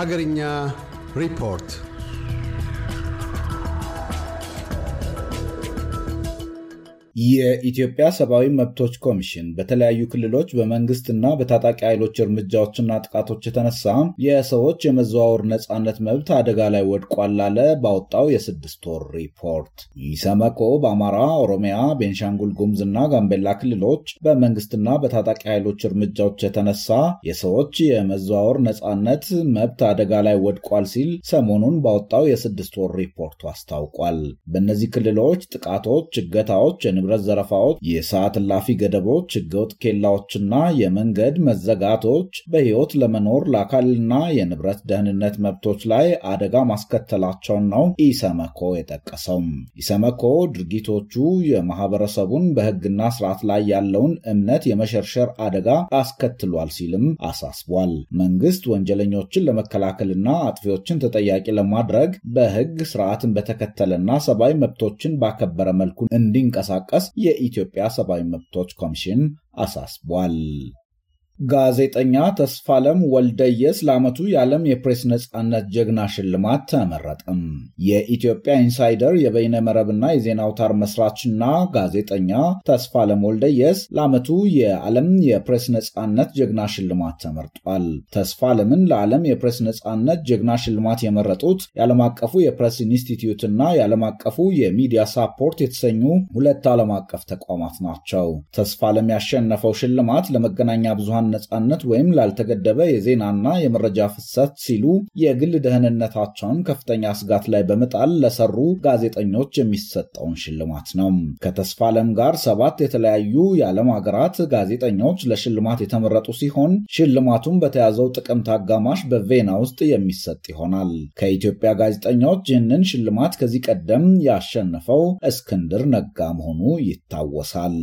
Hagarinya Report የኢትዮጵያ ሰብአዊ መብቶች ኮሚሽን በተለያዩ ክልሎች በመንግስትና በታጣቂ ኃይሎች እርምጃዎችና ጥቃቶች የተነሳ የሰዎች የመዘዋወር ነጻነት መብት አደጋ ላይ ወድቋል አለ ባወጣው የስድስት ወር ሪፖርት። ኢሰመኮ በአማራ፣ ኦሮሚያ፣ ቤንሻንጉል ጉምዝ እና ጋምቤላ ክልሎች በመንግስትና በታጣቂ ኃይሎች እርምጃዎች የተነሳ የሰዎች የመዘዋወር ነጻነት መብት አደጋ ላይ ወድቋል ሲል ሰሞኑን ባወጣው የስድስት ወር ሪፖርቱ አስታውቋል። በእነዚህ ክልሎች ጥቃቶች፣ እገታዎች፣ ንብረት ዘረፋዎች፣ የሰዓት እላፊ ገደቦች፣ ህገወጥ ኬላዎችና የመንገድ መዘጋቶች በህይወት ለመኖር ለአካልና የንብረት ደህንነት መብቶች ላይ አደጋ ማስከተላቸውን ነው ኢሰመኮ የጠቀሰው። ኢሰመኮ ድርጊቶቹ የማህበረሰቡን በህግና ስርዓት ላይ ያለውን እምነት የመሸርሸር አደጋ አስከትሏል ሲልም አሳስቧል። መንግስት ወንጀለኞችን ለመከላከልና አጥፊዎችን ተጠያቂ ለማድረግ በህግ ስርዓትን በተከተለና ሰብአዊ መብቶችን ባከበረ መልኩ እንዲንቀሳቀስ እንዲንቀሳቀስ የኢትዮጵያ ሰብአዊ መብቶች ኮሚሽን አሳስቧል። ጋዜጠኛ ተስፋለም ወልደየስ ለዓመቱ የዓለም የፕሬስ ነፃነት ጀግና ሽልማት ተመረጠም። የኢትዮጵያ ኢንሳይደር የበይነ መረብና የዜና አውታር መስራችና ጋዜጠኛ ተስፋለም ወልደየስ ለዓመቱ የዓለም የፕሬስ ነፃነት ጀግና ሽልማት ተመርጧል። ተስፋለምን ለዓለም የፕሬስ ነፃነት ጀግና ሽልማት የመረጡት የዓለም አቀፉ የፕሬስ ኢንስቲትዩትና የዓለም አቀፉ የሚዲያ ሳፖርት የተሰኙ ሁለት ዓለም አቀፍ ተቋማት ናቸው። ተስፋለም ያሸነፈው ሽልማት ለመገናኛ ብዙሃን ነጻነት ወይም ላልተገደበ የዜናና የመረጃ ፍሰት ሲሉ የግል ደህንነታቸውን ከፍተኛ ስጋት ላይ በመጣል ለሰሩ ጋዜጠኞች የሚሰጠውን ሽልማት ነው። ከተስፋ ዓለም ጋር ሰባት የተለያዩ የዓለም ሀገራት ጋዜጠኞች ለሽልማት የተመረጡ ሲሆን ሽልማቱም በተያዘው ጥቅምት አጋማሽ በቬና ውስጥ የሚሰጥ ይሆናል። ከኢትዮጵያ ጋዜጠኞች ይህንን ሽልማት ከዚህ ቀደም ያሸነፈው እስክንድር ነጋ መሆኑ ይታወሳል።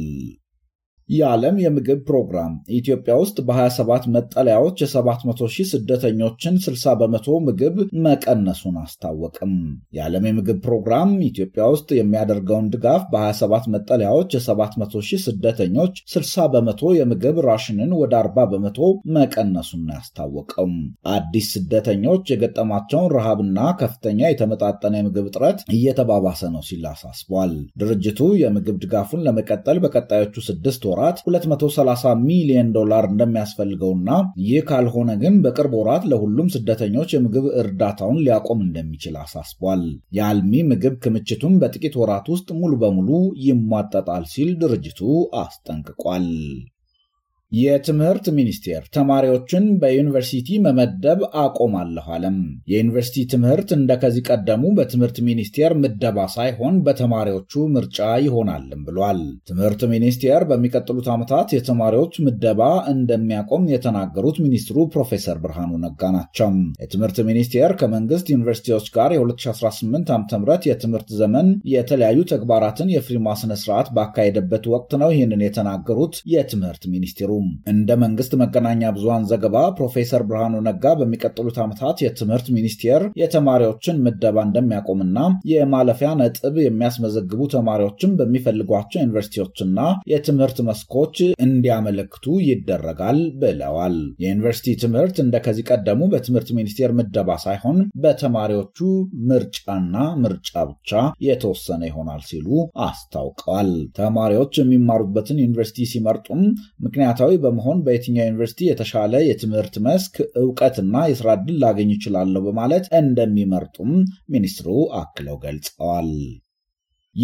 የዓለም የምግብ ፕሮግራም ኢትዮጵያ ውስጥ በ27 መጠለያዎች የ700 ሺህ ስደተኞችን 60 በመቶ ምግብ መቀነሱን አስታወቅም። የዓለም የምግብ ፕሮግራም ኢትዮጵያ ውስጥ የሚያደርገውን ድጋፍ በ27 መጠለያዎች የ700 ሺህ ስደተኞች 60 በመቶ የምግብ ራሽንን ወደ 40 በመቶ መቀነሱን ያስታወቀው አዲስ ስደተኞች የገጠማቸውን ረሃብና ከፍተኛ የተመጣጠነ የምግብ እጥረት እየተባባሰ ነው ሲል አሳስቧል። ድርጅቱ የምግብ ድጋፉን ለመቀጠል በቀጣዮቹ ስድስት ወራት 230 ሚሊዮን ዶላር እንደሚያስፈልገውና ይህ ካልሆነ ግን በቅርብ ወራት ለሁሉም ስደተኞች የምግብ እርዳታውን ሊያቆም እንደሚችል አሳስቧል። የአልሚ ምግብ ክምችቱም በጥቂት ወራት ውስጥ ሙሉ በሙሉ ይሟጠጣል ሲል ድርጅቱ አስጠንቅቋል። የትምህርት ሚኒስቴር ተማሪዎችን በዩኒቨርሲቲ መመደብ አቆማለሁ አለም። የዩኒቨርሲቲ ትምህርት እንደከዚህ ቀደሙ በትምህርት ሚኒስቴር ምደባ ሳይሆን በተማሪዎቹ ምርጫ ይሆናልም ብሏል። ትምህርት ሚኒስቴር በሚቀጥሉት ዓመታት የተማሪዎች ምደባ እንደሚያቆም የተናገሩት ሚኒስትሩ ፕሮፌሰር ብርሃኑ ነጋ ናቸው። የትምህርት ሚኒስቴር ከመንግስት ዩኒቨርሲቲዎች ጋር የ2018 ዓ ም የትምህርት ዘመን የተለያዩ ተግባራትን የፊርማ ስነስርዓት ባካሄደበት ወቅት ነው ይህንን የተናገሩት የትምህርት ሚኒስቴሩ አልነበሩም። እንደ መንግስት መገናኛ ብዙሃን ዘገባ ፕሮፌሰር ብርሃኑ ነጋ በሚቀጥሉት ዓመታት የትምህርት ሚኒስቴር የተማሪዎችን ምደባ እንደሚያቆምና የማለፊያ ነጥብ የሚያስመዘግቡ ተማሪዎችን በሚፈልጓቸው ዩኒቨርሲቲዎችና የትምህርት መስኮች እንዲያመለክቱ ይደረጋል ብለዋል። የዩኒቨርሲቲ ትምህርት እንደከዚህ ቀደሙ በትምህርት ሚኒስቴር ምደባ ሳይሆን በተማሪዎቹ ምርጫና ምርጫ ብቻ የተወሰነ ይሆናል ሲሉ አስታውቀዋል። ተማሪዎች የሚማሩበትን ዩኒቨርሲቲ ሲመርጡም ምክንያታዊ አሜሪካዊ በመሆን በየትኛው ዩኒቨርሲቲ የተሻለ የትምህርት መስክ እውቀትና የስራ እድል ላገኝ ይችላለሁ በማለት እንደሚመርጡም ሚኒስትሩ አክለው ገልጸዋል።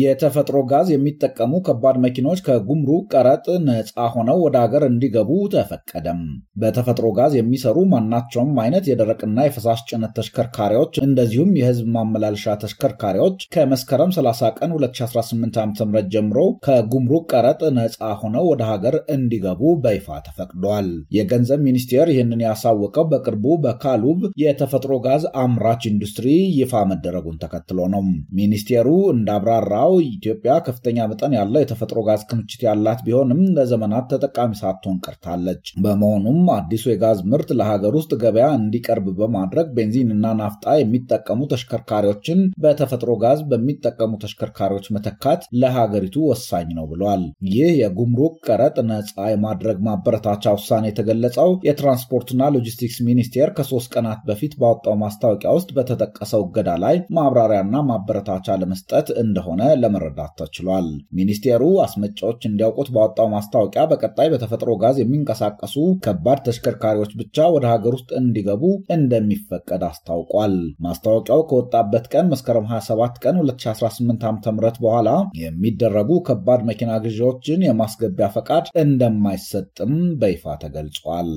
የተፈጥሮ ጋዝ የሚጠቀሙ ከባድ መኪኖች ከጉምሩክ ቀረጥ ነፃ ሆነው ወደ ሀገር እንዲገቡ ተፈቀደም። በተፈጥሮ ጋዝ የሚሰሩ ማናቸውም አይነት የደረቅና የፈሳሽ ጭነት ተሽከርካሪዎች እንደዚሁም የህዝብ ማመላለሻ ተሽከርካሪዎች ከመስከረም 30 ቀን 2018 ዓ ም ጀምሮ ከጉምሩክ ቀረጥ ነፃ ሆነው ወደ ሀገር እንዲገቡ በይፋ ተፈቅዷል። የገንዘብ ሚኒስቴር ይህንን ያሳወቀው በቅርቡ በካሉብ የተፈጥሮ ጋዝ አምራች ኢንዱስትሪ ይፋ መደረጉን ተከትሎ ነው። ሚኒስቴሩ እንዳብራራ እንደሚታወቀው ኢትዮጵያ ከፍተኛ መጠን ያለው የተፈጥሮ ጋዝ ክምችት ያላት ቢሆንም ለዘመናት ተጠቃሚ ሳትሆን ቀርታለች። በመሆኑም አዲሱ የጋዝ ምርት ለሀገር ውስጥ ገበያ እንዲቀርብ በማድረግ ቤንዚንና ናፍጣ የሚጠቀሙ ተሽከርካሪዎችን በተፈጥሮ ጋዝ በሚጠቀሙ ተሽከርካሪዎች መተካት ለሀገሪቱ ወሳኝ ነው ብሏል። ይህ የጉምሩክ ቀረጥ ነጻ የማድረግ ማበረታቻ ውሳኔ የተገለጸው የትራንስፖርትና ሎጂስቲክስ ሚኒስቴር ከሶስት ቀናት በፊት ባወጣው ማስታወቂያ ውስጥ በተጠቀሰው እገዳ ላይ ማብራሪያና ማበረታቻ ለመስጠት እንደሆነ ለመረዳት ተችሏል። ሚኒስቴሩ አስመጫዎች እንዲያውቁት ባወጣው ማስታወቂያ በቀጣይ በተፈጥሮ ጋዝ የሚንቀሳቀሱ ከባድ ተሽከርካሪዎች ብቻ ወደ ሀገር ውስጥ እንዲገቡ እንደሚፈቀድ አስታውቋል። ማስታወቂያው ከወጣበት ቀን መስከረም 27 ቀን 2018 ዓ.ም በኋላ የሚደረጉ ከባድ መኪና ግዢዎችን የማስገቢያ ፈቃድ እንደማይሰጥም በይፋ ተገልጿል።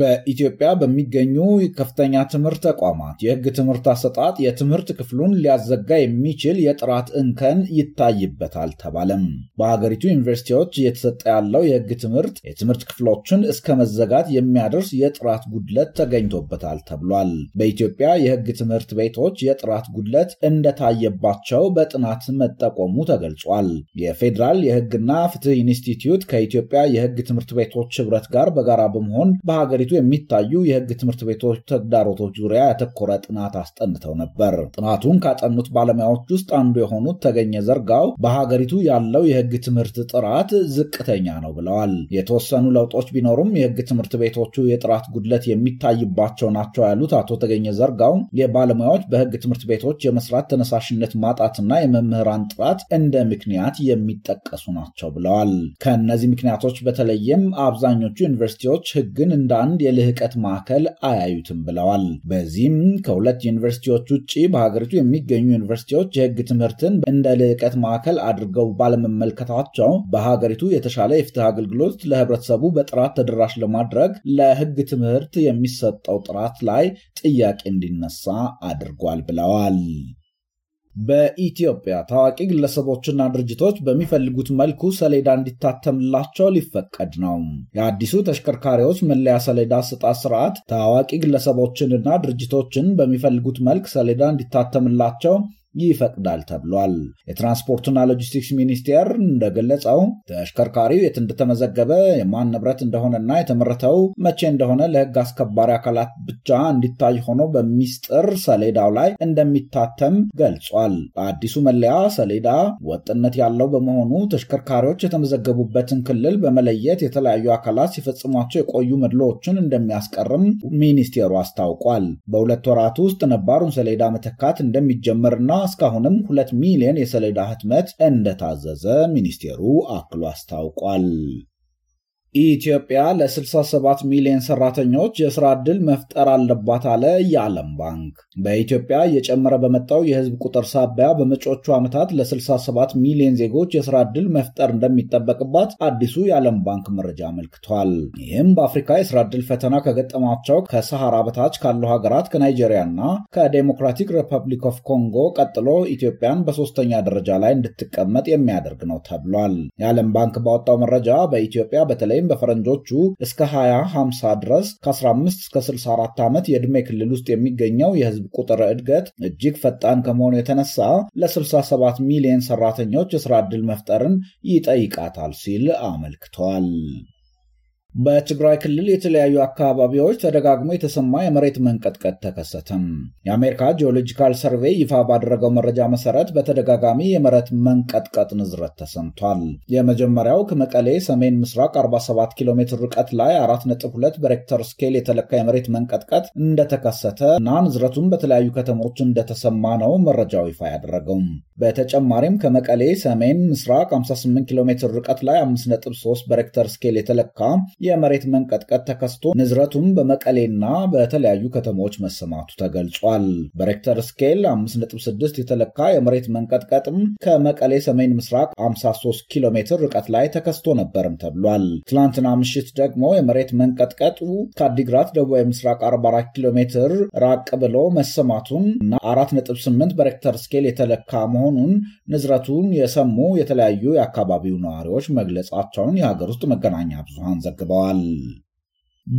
በኢትዮጵያ በሚገኙ ከፍተኛ ትምህርት ተቋማት የህግ ትምህርት አሰጣጥ የትምህርት ክፍሉን ሊያዘጋ የሚችል የጥራት እንከን ይታይበታል ተባለም። በሀገሪቱ ዩኒቨርሲቲዎች እየተሰጠ ያለው የህግ ትምህርት የትምህርት ክፍሎችን እስከ መዘጋት የሚያደርስ የጥራት ጉድለት ተገኝቶበታል ተብሏል። በኢትዮጵያ የህግ ትምህርት ቤቶች የጥራት ጉድለት እንደታየባቸው በጥናት መጠቆሙ ተገልጿል። የፌዴራል የህግና ፍትህ ኢንስቲትዩት ከኢትዮጵያ የህግ ትምህርት ቤቶች ህብረት ጋር በጋራ በመሆን በሀገሪቱ የሚታዩ የህግ ትምህርት ቤቶች ተግዳሮቶች ዙሪያ ያተኮረ ጥናት አስጠንተው ነበር። ጥናቱን ካጠኑት ባለሙያዎች ውስጥ አንዱ የሆኑት ተገኘ ዘርጋው በሀገሪቱ ያለው የህግ ትምህርት ጥራት ዝቅተኛ ነው ብለዋል። የተወሰኑ ለውጦች ቢኖሩም የህግ ትምህርት ቤቶቹ የጥራት ጉድለት የሚታይባቸው ናቸው ያሉት አቶ ተገኘ ዘርጋው የባለሙያዎች በህግ ትምህርት ቤቶች የመስራት ተነሳሽነት ማጣትና የመምህራን ጥራት እንደ ምክንያት የሚጠቀሱ ናቸው ብለዋል። ከእነዚህ ምክንያቶች በተለይም አብዛኞቹ ዩኒቨርሲቲዎች ህግን እንደ በአንድ የልህቀት ማዕከል አያዩትም ብለዋል። በዚህም ከሁለት ዩኒቨርሲቲዎች ውጭ በሀገሪቱ የሚገኙ ዩኒቨርሲቲዎች የህግ ትምህርትን እንደ ልህቀት ማዕከል አድርገው ባለመመልከታቸው በሀገሪቱ የተሻለ የፍትህ አገልግሎት ለህብረተሰቡ በጥራት ተደራሽ ለማድረግ ለህግ ትምህርት የሚሰጠው ጥራት ላይ ጥያቄ እንዲነሳ አድርጓል ብለዋል። በኢትዮጵያ ታዋቂ ግለሰቦችና ድርጅቶች በሚፈልጉት መልኩ ሰሌዳ እንዲታተምላቸው ሊፈቀድ ነው። የአዲሱ ተሽከርካሪዎች መለያ ሰሌዳ አሰጣጥ ስርዓት ታዋቂ ግለሰቦችንና ድርጅቶችን በሚፈልጉት መልክ ሰሌዳ እንዲታተምላቸው ይፈቅዳል ተብሏል። የትራንስፖርትና ሎጂስቲክስ ሚኒስቴር እንደገለጸው ተሽከርካሪው የት እንደተመዘገበ የማን ንብረት እንደሆነና የተመረተው መቼ እንደሆነ ለሕግ አስከባሪ አካላት ብቻ እንዲታይ ሆኖ በሚስጥር ሰሌዳው ላይ እንደሚታተም ገልጿል። በአዲሱ መለያ ሰሌዳ ወጥነት ያለው በመሆኑ ተሽከርካሪዎች የተመዘገቡበትን ክልል በመለየት የተለያዩ አካላት ሲፈጽሟቸው የቆዩ መድሎዎችን እንደሚያስቀርም ሚኒስቴሩ አስታውቋል። በሁለት ወራት ውስጥ ነባሩን ሰሌዳ መተካት እንደሚጀምርና እስካሁንም ሁለት ሚሊዮን የሰሌዳ ህትመት እንደታዘዘ ሚኒስቴሩ አክሎ አስታውቋል። ኢትዮጵያ ለ67 ሚሊዮን ሰራተኞች የስራ ዕድል መፍጠር አለባት አለ የዓለም ባንክ። በኢትዮጵያ እየጨመረ በመጣው የህዝብ ቁጥር ሳቢያ በመጪዎቹ ዓመታት ለ67 ሚሊዮን ዜጎች የስራ ዕድል መፍጠር እንደሚጠበቅባት አዲሱ የዓለም ባንክ መረጃ አመልክቷል። ይህም በአፍሪካ የስራ ዕድል ፈተና ከገጠማቸው ከሰሃራ በታች ካሉ ሀገራት ከናይጄሪያና ከዴሞክራቲክ ሪፐብሊክ ኦፍ ኮንጎ ቀጥሎ ኢትዮጵያን በሶስተኛ ደረጃ ላይ እንድትቀመጥ የሚያደርግ ነው ተብሏል። የዓለም ባንክ ባወጣው መረጃ በኢትዮጵያ በተለይም በተለይም በፈረንጆቹ እስከ 2050 ድረስ ከ15 እስከ 64 ዓመት የዕድሜ ክልል ውስጥ የሚገኘው የህዝብ ቁጥር እድገት እጅግ ፈጣን ከመሆኑ የተነሳ ለ67 ሚሊዮን ሰራተኞች የስራ ዕድል መፍጠርን ይጠይቃታል ሲል አመልክቷል። በትግራይ ክልል የተለያዩ አካባቢዎች ተደጋግሞ የተሰማ የመሬት መንቀጥቀጥ ተከሰተም። የአሜሪካ ጂኦሎጂካል ሰርቬይ ይፋ ባደረገው መረጃ መሰረት በተደጋጋሚ የመሬት መንቀጥቀጥ ንዝረት ተሰምቷል። የመጀመሪያው ከመቀሌ ሰሜን ምስራቅ 47 ኪሎ ሜትር ርቀት ላይ 4.2 በሬክተር ስኬል የተለካ የመሬት መንቀጥቀጥ እንደተከሰተ እና ንዝረቱም በተለያዩ ከተሞች እንደተሰማ ነው መረጃው ይፋ ያደረገው። በተጨማሪም ከመቀሌ ሰሜን ምስራቅ 58 ኪሎ ሜትር ርቀት ላይ 5.3 በሬክተር ስኬል የተለካ የመሬት መንቀጥቀጥ ተከስቶ ንዝረቱም በመቀሌና በተለያዩ ከተሞች መሰማቱ ተገልጿል። በሬክተር ስኬል 5.6 የተለካ የመሬት መንቀጥቀጥም ከመቀሌ ሰሜን ምስራቅ 53 ኪሎ ሜትር ርቀት ላይ ተከስቶ ነበርም ተብሏል። ትላንትና ምሽት ደግሞ የመሬት መንቀጥቀጡ ከአዲግራት ደቡባዊ ምስራቅ 44 ኪሎ ሜትር ራቅ ብሎ መሰማቱን እና 4.8 በሬክተር ስኬል የተለካ መሆኑን ንዝረቱን የሰሙ የተለያዩ የአካባቢው ነዋሪዎች መግለጻቸውን የሀገር ውስጥ መገናኛ ብዙሃን ዘግበዋል። አስታውቀዋል።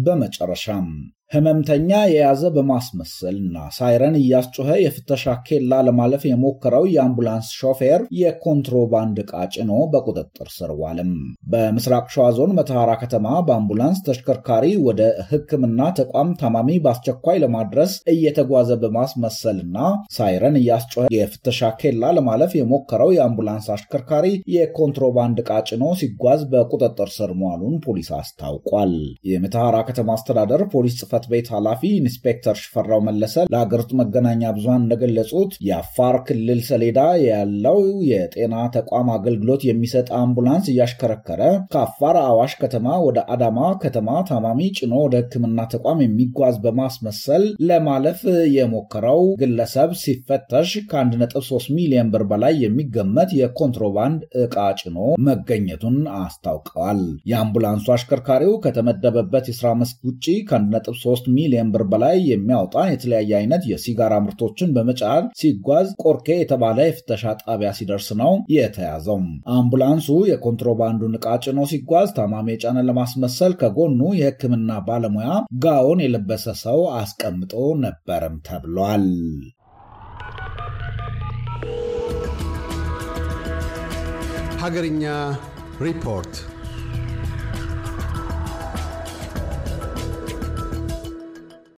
በመጨረሻም ህመምተኛ የያዘ በማስመሰል እና ሳይረን እያስጮኸ የፍተሻ ኬላ ለማለፍ የሞከረው የአምቡላንስ ሾፌር የኮንትሮባንድ ዕቃ ጭኖ በቁጥጥር ስር ዋለም። በምስራቅ ሸዋ ዞን መተሐራ ከተማ በአምቡላንስ ተሽከርካሪ ወደ ሕክምና ተቋም ታማሚ በአስቸኳይ ለማድረስ እየተጓዘ በማስመሰል እና ሳይረን እያስጮኸ የፍተሻ ኬላ ለማለፍ የሞከረው የአምቡላንስ አሽከርካሪ የኮንትሮባንድ ዕቃ ጭኖ ሲጓዝ በቁጥጥር ስር መዋሉን ፖሊስ አስታውቋል። የመተሐራ ከተማ አስተዳደር ፖሊስ ጽፈ ጽህፈት ቤት ኃላፊ ኢንስፔክተር ሽፈራው መለሰ ለአገሪቱ መገናኛ ብዙሃን እንደገለጹት የአፋር ክልል ሰሌዳ ያለው የጤና ተቋም አገልግሎት የሚሰጥ አምቡላንስ እያሽከረከረ ከአፋር አዋሽ ከተማ ወደ አዳማ ከተማ ታማሚ ጭኖ ወደ ሕክምና ተቋም የሚጓዝ በማስመሰል ለማለፍ የሞከረው ግለሰብ ሲፈተሽ ከ1.3 ሚሊዮን ብር በላይ የሚገመት የኮንትሮባንድ ዕቃ ጭኖ መገኘቱን አስታውቀዋል። የአምቡላንሱ አሽከርካሪው ከተመደበበት የስራ መስክ ውጭ ከ1.3 3 ሚሊዮን ብር በላይ የሚያወጣ የተለያየ አይነት የሲጋራ ምርቶችን በመጫን ሲጓዝ ቆርኬ የተባለ የፍተሻ ጣቢያ ሲደርስ ነው የተያዘው። አምቡላንሱ የኮንትሮባንዱን እቃ ጭኖ ሲጓዝ ታማሚ የጫነ ለማስመሰል ከጎኑ የሕክምና ባለሙያ ጋውን የለበሰ ሰው አስቀምጦ ነበርም ተብሏል። ሀገርኛ ሪፖርት